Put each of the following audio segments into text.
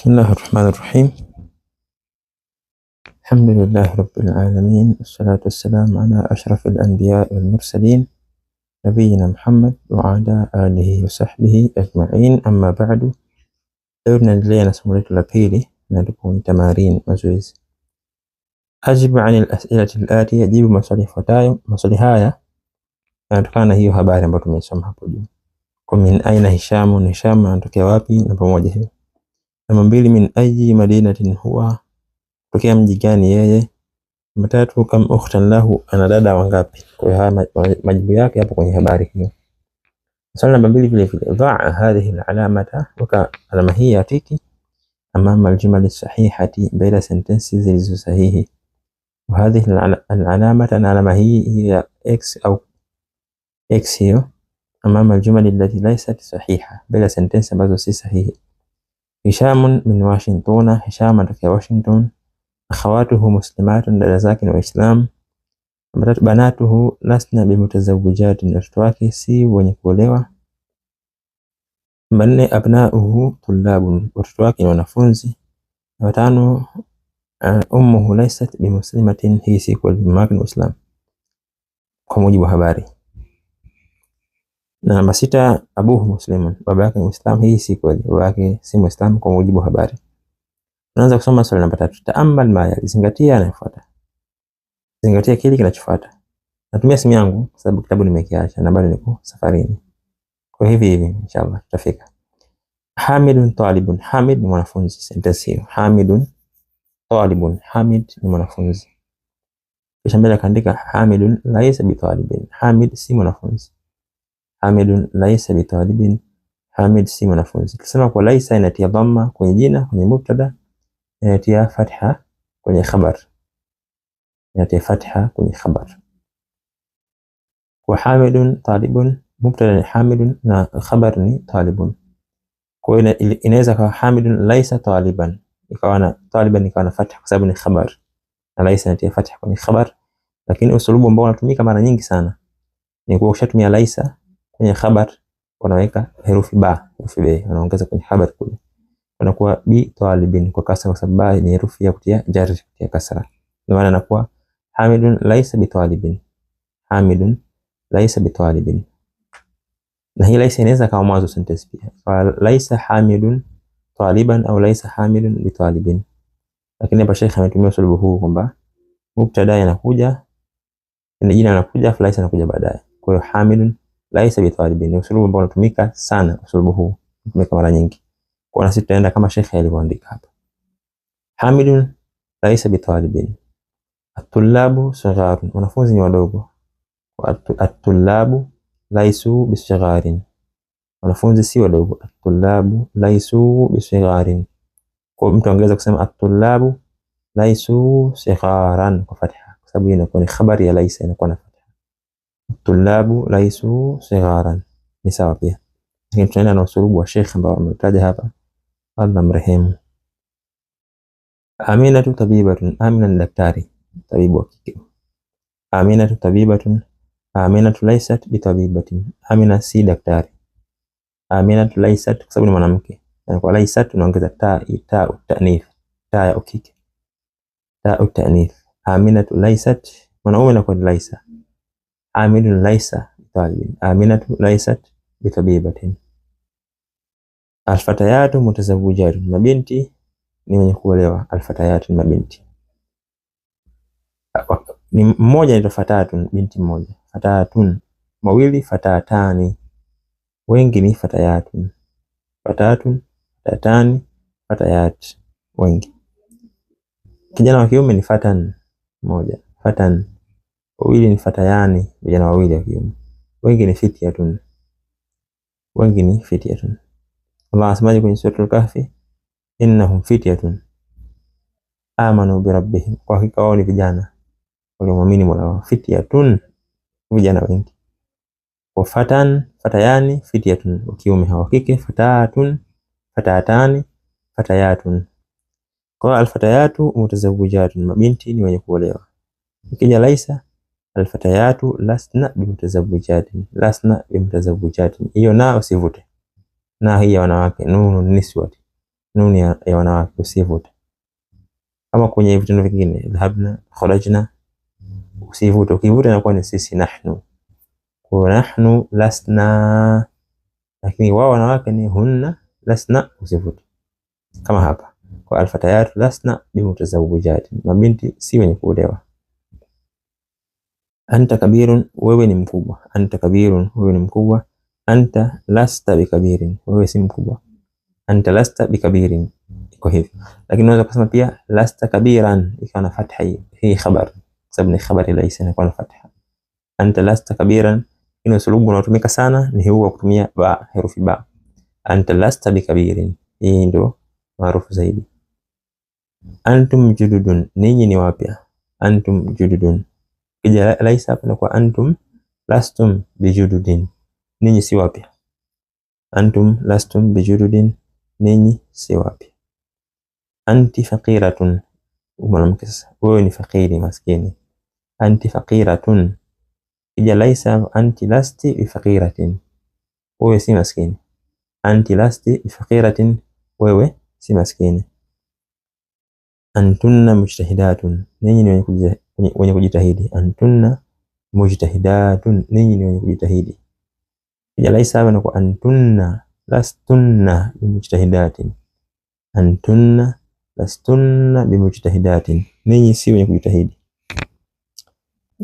بسم الله الرحمن الرحيم الحمد لله رب العالمين الصلاة والسلام على أشرف الأنبياء والمرسلين نبينا محمد وعلى آله وصحبه أجمعين أما بعد قلنا لدينا سمرة الأبيلي نلقون تمارين مزويز أجب عن الأسئلة الآتية جيب مصري فتاي مصري هايا yanatokana هي habari بطمي سمحة hapo ومن أين هشام aina Hishamu na نبو anatokea Namba mbili, min ayi madinatin huwa, tokea mji gani yeye. Namba tatu, kam ukhtan lahu, ana dada wangapi. Kwa hiyo haya majibu yake hapo kwenye habari hiyo. Swali namba mbili vile vile, dhaa hadhihi alamata, weka alama hii ya tiki amama aljumali sahihati, mbele ya sentensi zilizo sahihi. Wa hadhihi alamata, na alama hii ya x au x hiyo amama aljumali allati laysat sahiha, mbele ya sentensi ambazo si sahihi. Hishamun min Washingtona, Hisham anatokea Washington. Akhawatuhu muslimatun, dada zake ni waislam Waislamu. Banatuhu lasna bimutazawijatin, watoto wake si wenye kuolewa. Manne abnauhu tulabun, watoto wake ni wanafunzi. Watano ummuhu laysat bimuslimatin, hii si kwa mama yake kwa mujibu wa habari. Na namba sita, Abu Muslim, baba yake Muislam. Hii si kweli, baba yake si Muislam kwa mujibu wa habari. Tunaanza kusoma swali namba tatu. Taamal ma maya, zingatia yanayofuata. Zingatia kile kinachofuata. Natumia simu yangu kwa sababu kitabu nimekiacha na bado niko safarini. Kwa hivi hivi inshallah tutafika. Hamidun talibun, Hamid ni mwanafunzi. Sentensi hiyo, Hamidun talibun, Hamid ni mwanafunzi. Kisha mbele akaandika Hamidun laisa bitalibin, Hamid si mwanafunzi. Hamidun laisa bitalibin. Hamid si mwanafunzi. Tukisema kwa laisa inatia dhamma kwenye jina, kwenye mubtada, inatia fatha kwenye khabar, inatia fatha kwenye khabar. Kwa hamidun talibun, mubtada ni hamidun na khabar ni talibun. Kwa hiyo inaweza kuwa hamidun laisa taliban, ikawa na taliban ikawa na fatha kwa sababu ni khabar, na laisa inatia fatha kwenye khabar. Lakini usulubu ambao unatumika mara nyingi sana ni kwa ushatumia laisa kwenye khabar wanaweka herufi ba, herufi be, wanaongeza kwenye khabar kule, wanakuwa bi talibin kwa kasra, kwa sababu ba ni herufi ya kutia jar, ya kasra, ndio maana anakuwa hamidun laisa bi talibin, hamidun laisa bi talibin. Na hii laisa inaweza kama mwanzo sentence pia, fa laisa hamidun taliban au laisa hamidun bi talibin, lakini hapa Sheikh ametumia usulubu huu kwamba mubtada inakuja jina linakuja, fa laisa inakuja baadaye, kwa hiyo hamidun laisa bitalibi ni usulubu ambao unatumika sana, usulubu huu unatumika mara nyingi. Kwa nasi tutaenda kama shekhe alivyoandika hapa, hamidun laisa bitalibin, atulabu sagharun, wanafunzi ni wadogo. Atulabu laisu bisigharin, wanafunzi si wadogo. Atulabu laisu bisigharin, kwa mtu angeweza kusema atulabu laisu sigharan kwa fatha, kwa sababu inakuwa ni khabari ya laisa inakuwa na tulabu laisu sigharan ni sawa pia, lakini tunaenda na usulubu wa Sheikh ambao ametaja hapa, Allah mrehemu. Aminatu tabibatun, Amina ni daktari tabibu wa kike. Aminatu tabibatun, Aminatu laysat bitabibatin, Amina si daktari. Aminatu laysat kwa sababu ni mwanamke, na kwa laysat unaongeza ta ita utanif ta ya ukike ta utanif. Aminatu laysat, mwanaume na kwa laysat Aminu laisa bitalibin, aminatu laisat bitabibatin. Alfatayatu mutazawwijatun, mabinti ni wenye kuolewa. Alfatayatu mabinti ni mmoja anaitwa fatatun, binti mmoja. Fatatun mawili, fatatani wengi ni fatayatun. Fatatun, fatatani, fatayat wengi. Kijana wa kiume ni fatan mmoja, fatan Wawili ni fatayani, vijana wawili wa kiume. Wengi ni fityatun, wengi ni fityatun. Allah anasemaje kwenye suratul Kahfi? Innahum fityatun amanu bi rabbihim, kwa hakika wao ni vijana waliomwamini Mola wao. Fityatun, vijana wengi. Wa fatan, fatayani, fityatun, wa kiume hawa kike. Fatatun, fatatani, fatayatun. Kwa alfatayatu mutazawijatun, mabinti ni wenye kuolewa. Ikija laisa alfatayatu lasna bimtazawijatin, lasna bimtazawijatin, hiyo na usivute na hii ya wanawake nunu niswati, nunu ya, ya wanawake usivute. Kama kwenye vitendo vingine dhahabna, kharajna, usivute. Ukivuta inakuwa ni sisi nahnu, kwa nahnu lasna, lakini wao wanawake ni hunna, lasna usivute, kama hapa kwa alfatayatu lasna bimtazawijatin, mabinti si wenye kuolewa Anta kabirun, wewe ni mkubwa. Anta kabirun, wewe ni mkubwa. Anta lasta bikabirin, wewe si mkubwa. Anta lasta bikabirin, iko hivi. Lakini unaweza kusema pia lasta kabiran, ikiwa na fatha hii khabar, sababu ni khabari laisa inakuwa na fatha. Anta lasta kabiran, ina sulubu unaotumika sana ni huu wa kutumia ba, herufi ba. Anta lasta bikabirin, hii ndio maarufu zaidi. Antum jududun, ninyi ni wapya. Antum jududun Kija laisa hapa kwa antum lastum bijududin, ninyi si wapya. Antum lastum bijududin, ninyi si wapya. Anti faqiratun, mwanamke sasa, wewe ni fakiri maskini. Anti faqiratun, kija laisa anti lasti bifaqiratin, wewe si maskini. Anti lasti bifaqiratin, wewe si maskini. Antunna mujtahidatun, ninyi ni wenye wenye kujitahidi, antunna mujtahidatun, ninyi ni wenye kujitahidi. Jalaisa hapa kwa antunna lastunna bimujtahidatin, antunna lastunna bimujtahidatin, ninyi si wenye kujitahidi.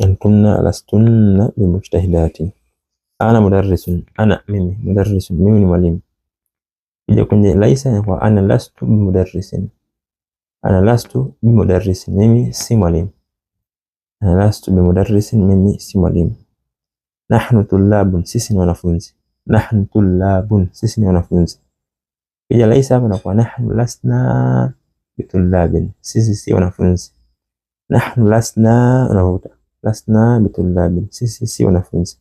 Antunna lastunna bimujtahidatin. Ana mudarrisun, ana mimi, mudarrisun mimi ni mwalimu. Kuja kwenye laisa kwa ana lastu bimudarrisin, ana lastu bimudarrisin, mimi si mwalimu. Lastu bimudarrisin, mimi si mwalimu. Nahnu tullabun, sisi ni wanafunzi. Nahnu tulabun sisi ni wanafunzi. Kija laisa hapa na kwa nahnu lasna bitullabin, sisi si wanafunzi. Nahnu lasna, unavuta lasna bitulabin sisi si wanafunzi.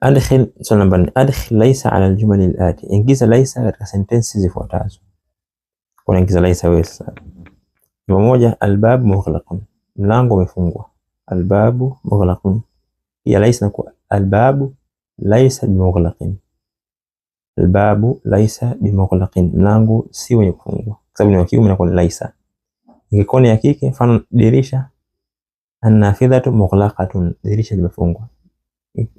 Adkhil, swali namba nne. Adkhil laisa ala aljumali alati, ingiza laisa katika sentensi zifuatazo. Unaingiza laisa wewe sasa Namba moja, albabu mughlaqun, mlango umefungwa. Albabu mughlaqun, ya laisa nakuwa albabu laisa bimughlaqin. Albabu laisa bimughlaqin, mlango si wenye kufungwa, kwa sababu ni wa kiume na kwa laisa. Ingekuwa ni ya kike, mfano dirisha, annafidhatu mughlaqatun, dirisha limefungwa.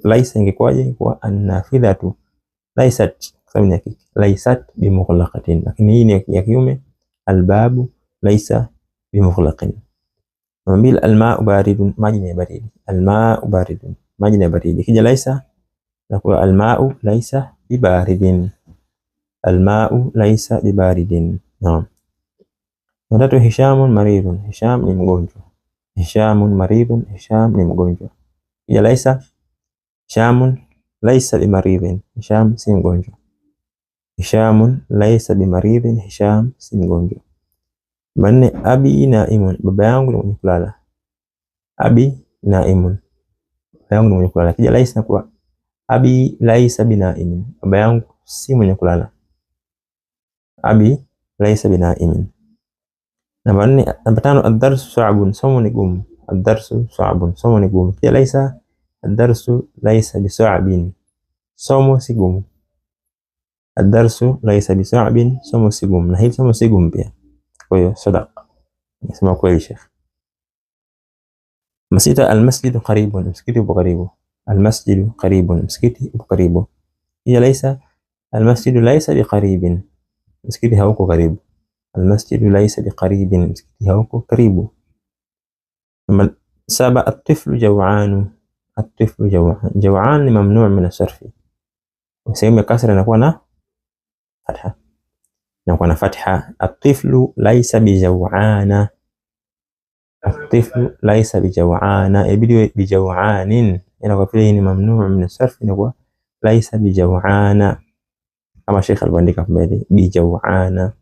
Laisa ingekuwaje? Ingekuwa annafidhatu laisat, kwa sababu ni ya kike, laisat bimughlaqatin. Lakini hii ni ya kiume, albabu laisa bimughlaqin. Mwambil alma ubaridun, maji ni baridi. Alma ubaridun, maji ni baridi. Kija laisa nakuwa almau laisa bibaridin, almau laisa bibaridin. Naam. Na tatu, hishamun maridun, hisham ni mgonjwa. Hishamun maridun, hisham ni mgonjwa. Kija laisa hishamun laisa bimaridin, hisham si mgonjwa. Hishamun laisa bimaridin, hisham si mgonjwa. Manne, abi naimun, baba yangu ni mwenye kulala. Abi naimun, baba yangu ni mwenye kulala. Kija laisa na kuwa abi laisa binaimin, baba yangu si mwenye kulala. Abi laisa binaimin. Namba nne, namba tano, ad-darsu somo ni gumu. Ad-darsu somo ni gumu. Kija laisa, ad laisa bisa'bin, somo si gumu. ad laisa bisa'bin, somo si gumu. Na hili somo si gumu pia. شوية صدق اسمع كويس شيخ مسجد المسجد قريب المسجد قريب المسجد قريب المسجد قريب هي ليس المسجد ليس بقريب المسجد هو قريب المسجد ليس بقريب المسجد هو قريب سبع الطفل جوعان الطفل جوعان جوعان ممنوع من الصرف وسيم كسر نكون فتحه inakuwa na fatha. Atiflu laisa bijauana, atiflu laisa bijauana, e, ibidi bijauanin, inakuwa pia ni mamnuu min sarf, inakuwa laisa bijawana, kama Sheikh alivyoandika mbele bijauana